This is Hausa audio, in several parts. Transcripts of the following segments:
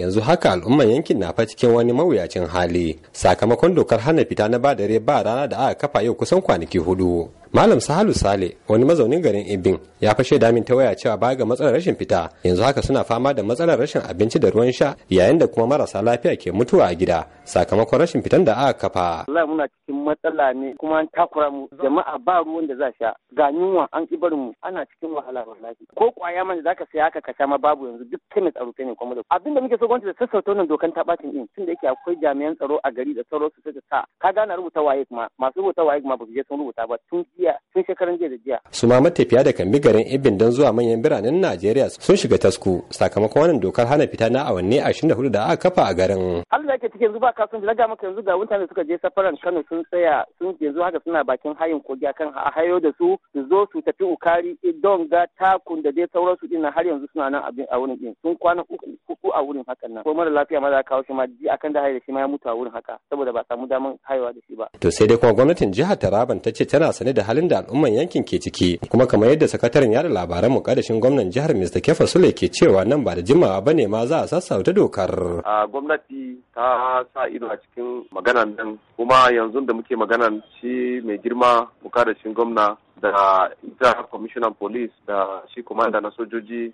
yanzu haka al'umman yankin na fa cikin wani mawuyacin hali sakamakon dokar hana fita na ba dare ba rana da aka kafa yau kusan kwanaki hudu Malam Sahalu Sale wani mazaunin garin Ibin ya fashe damin ta waya cewa baya ga matsalar rashin fita yanzu haka suna fama da matsalar rashin abinci da ruwan sha yayin da kuma marasa lafiya ke mutuwa a gida sakamakon rashin fitan da aka kafa. Allah muna cikin matsala ne kuma an takura mu jama'a ba ruwan da za sha ga yunwa an kibar mu ana cikin wahala wallahi ko kwaya man da zaka saya haka ka sha ma babu yanzu duk kemis a rufe ne kuma da abin da muke so gwamnati da sassauta wannan dokan ta bacin din tunda yake akwai jami'an tsaro a gari da sauransu su sa ka na rubuta waye kuma masu rubuta waye kuma ba su je sun rubuta ba tun jiya tun shekaran jiya da jiya. su ma matafiya da kambi garin ibin don zuwa manyan biranen najeriya sun shiga tasku sakamakon wannan dokar hana fita na awanni ashirin da hudu da aka kafa a garin. allah yake cikin yanzu ba kasuwanci na ga maka yanzu ga mutane suka je safaran kano sun tsaya sun yanzu haka suna bakin hayin kogi akan a hayo da su su zo su tafi ukari don ga takun da dai sauransu din har yanzu suna nan abin a wurin din sun kwana uku a wurin hakan nan ko mara lafiya ma za kawo shi ma ji akan da haye da shi ma ya mutu a wurin haka saboda ba samu damar haihuwa da shi ba. to sai dai kuma gwamnatin jihar taraban ta ce tana sane da halin da al'umman yankin ke ciki kuma kamar yadda sakataren yada labaran mukaddashin gwamnan jihar Mr. Kefa Sule ke cewa nan ba da jimawa bane ma za a sassauta dokar. A gwamnati ta sa ido a cikin maganan nan kuma yanzu da muke maganan shi mai girma mukaddashin gwamna da ita commissioner police da shi komanda na sojoji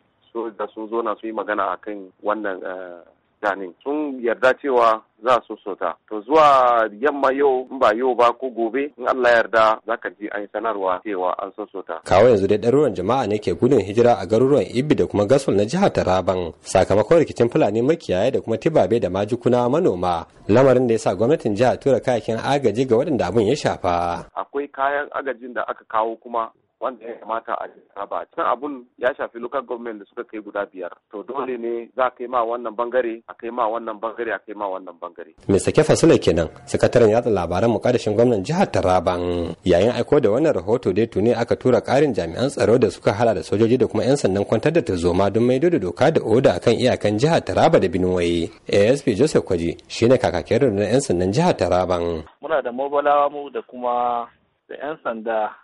da sun zo na su yi magana akan wannan eh, mutane sun yarda cewa za su sota to zuwa yamma yau in ba yau ba ko gobe in Allah yarda za ka ji an sanarwa cewa an sota. kawo yanzu dai ɗaruruwan jama'a ne ke gudun hijira a garuruwan Ibbi da kuma Gasol na jihar Taraban sakamakon rikicin Fulani makiyaye da kuma Tibabe da majukuna manoma lamarin da ya sa gwamnatin jihar tura kayakin agaji ga waɗanda abin ya shafa akwai kayan agajin da aka kawo kuma wanda ya kamata a raba cikin abun ya shafi local government da suka kai guda biyar to dole ne za a kai ma wannan bangare a kai ma wannan bangare a kai ma wannan bangare. mai sake fasula kenan sakataren yatsa labaran mukaddashin gwamnan jihar taraban yayin aiko da wannan rahoto dai tuni aka tura karin jami'an tsaro da suka hala da sojoji da kuma yan sandan kwantar da tarzoma don maido da doka da oda akan iyakan jihar taraba da binuwaye asp joseph kwaji shine kakakin rundunar yan sandan jihar taraban. muna da mobalawa mu da kuma da yan sanda